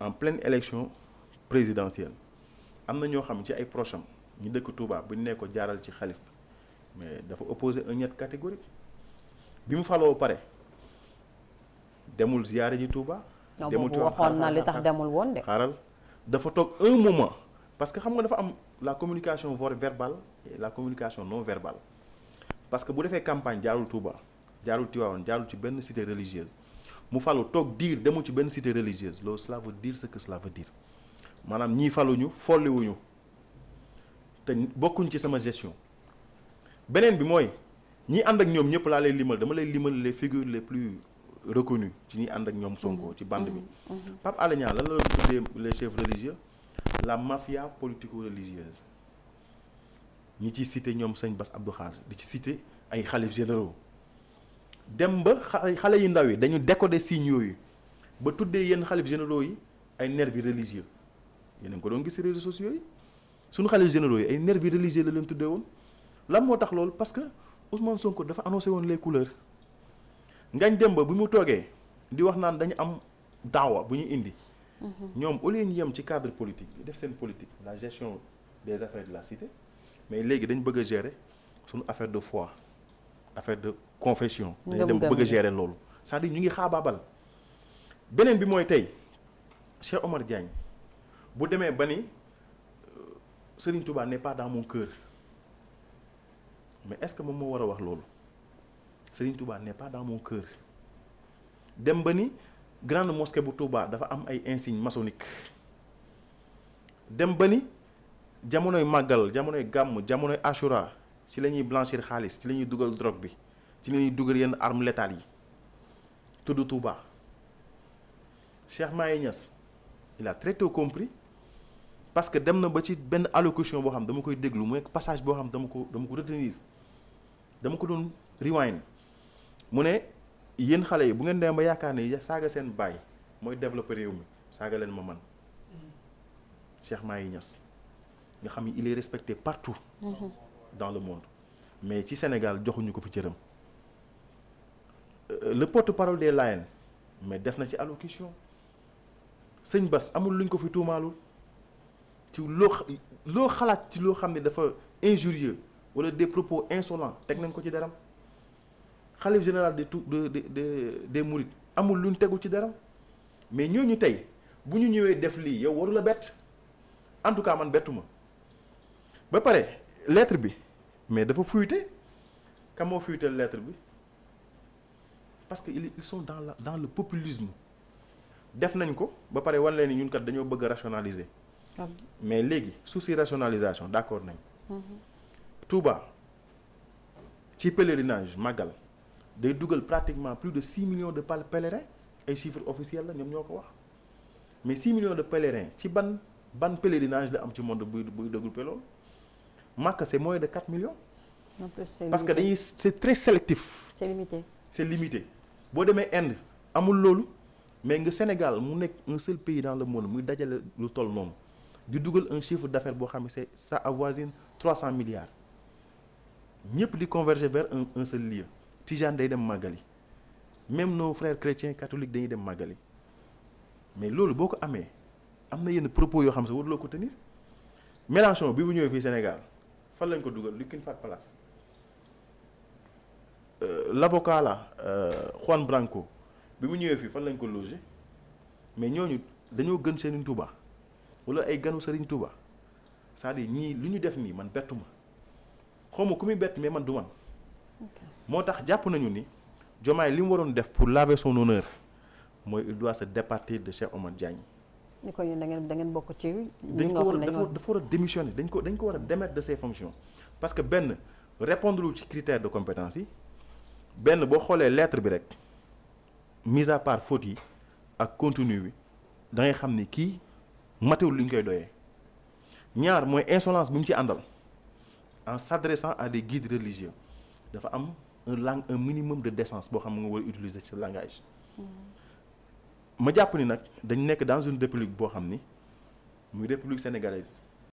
en pleine élection présidentielle am ñoo xam ci ay proches mais opposé un net catégorique bi nous faloo pare demul ji Touba. un moment parce que la communication verbale et la communication non verbale parce que bu nous campagne jaarul Touba nous ci cité religieuse mu falu dire, diir demul ci ben cité religieuse lo cela veut dire ce que cela veut dire maanaam ñu faluñu wuñu te bokkuñ ci sama gestion benen bi moy ñi and ak ñom ñëpp la lay limal dama lay limal les figures les plus reconnues ci ñi and ak ñom Sonko ci bande bi mm-hmm. Mm-hmm. Pape Alé la les chefs religieux la mafia politico-religieuse ñi ci cité ñom sëñ Bass Abdou Khadre di ci cité ay xalif généraux dem ba xale yu ndaw yi dañu décoder signe yoyu ba tuddé yenn xalif généraux yi ay nervis religieux yéen ko doon gis ci réseaux sociaux yi suñu xalif généraux yi ay nervis religieux la leen tuddé won lan mo tax loolu parce que Ousmane Sonko dafa annoncé won les couleurs ngañ dem ba bu mu toogee di wax naan dañu am dawa, bu ñu indi. Mm-hmm. ñom au lieu ñu yem ci cadre politique def sen politique la gestion des affaires de la cité mais légui dañ bëgg gérer suñu affaire de foi affaire de confession. dañu dem bëgg a gérer loolu. c'est-à-dire ñu ngi xaabaabal beneen bi mooy tey Cheikh Omar Diagne bu demee euh, Serigne Touba n'est pas dans mon cœur mais est-ce que moom moo war a wax loolu Serigne Touba n'est pas dans mon cœur dem bani grande mosquée bu Touba dafa am ay insignes maçonniques dem bani ni jamonoy màggal jamonoy gàmm jamonoy Ashura ci vous blanchir xaalis ci vous dougal dugal drogue bi ci lañuy une dugal yenn armes létales yi Touba Cheikh Maye il a très tôt compris parce que dem na ba ci allocution boo xam dama koy déglu mu passage boo xam dama ko dama ko retenir dama rewind mu ne yéen yi bu ngeen développer Cheikh il est respecté partout. Mm-hmm dans le monde mais ci Sénégal joxuñu ko fi cëram euh, le porte-parole des Lions, mais def na ci allocution sëñ Bass amul luñ ko fi tuumaalul ci lo ci lo dafa injurieux wala des propos insolents tek nañ ko général de de de des mourides amul luñ ci mais nous, nous def yow waru la en tout cas man ba pareil, lettre bi mais dafa fuité fuiter. Comment la lettre bi parce que ils sont dans le populisme def nañ ko ba paré wan ñun kat bëgg rationaliser. mais légui souci rationalisation d'accord. Tout Tout mhm. Touba ci pèlerinage magal, day Google pratiquement plus de 6 millions de pèlerins ay chiffres officiels la ñom ñoko wax mais 6 millions de pèlerins ci ban ban pèlerinage la am ci monde bu c'est c'est moins de 4 millions. plus parce que c'est très sélectif. c'est limité c'est limité boo demee Inde amul mais le Sénégal mu est un seul pays dans le monde muy dajale lu Du un chiffre d'affaires ça avoisine 300 milliards ñëpp di converger vers un seul lieu Tijane day dem même nos frères chrétiens catholiques sont dem Magali. mais loolu boo ko amee am vous propos yoo xam que vous tenir Mélenchon bi mu au Sénégal. fan lañ ko dugal Lukkin Fat Palace euh, l'avocat là euh, Juan Branco bi mu ñëwee fii fan lañ ko logé mais ñooñu dañoo gën seeniñ Touba wala ay ganu Serigne Touba cest à ñii lu ñu def nii man bettu ma xaw ma ku muy bett mais man du man moo tax jàpp nañu ni Diomaye li mu waroon def pour laver son honneur mooy il doit se départir de Cheikh oman Diagne ni ko démissionner dañ ko démettre de ses fonctions. parce que ben, répondre aux critères de compétence ben, benn boo xoolee lettre bi rek mise à part faute yi ak contenu bi da ngay xam ni kii matewul lu ñu koy doyee ñaar mooy insolence bi mu ci àndal en s'adressant à des guides religieux dafa am un lang un minimum de décence boo xam nga war utiliser ce langage. Mmh ma pense ni nag dañ dans une république qui xam ni république sénégalaise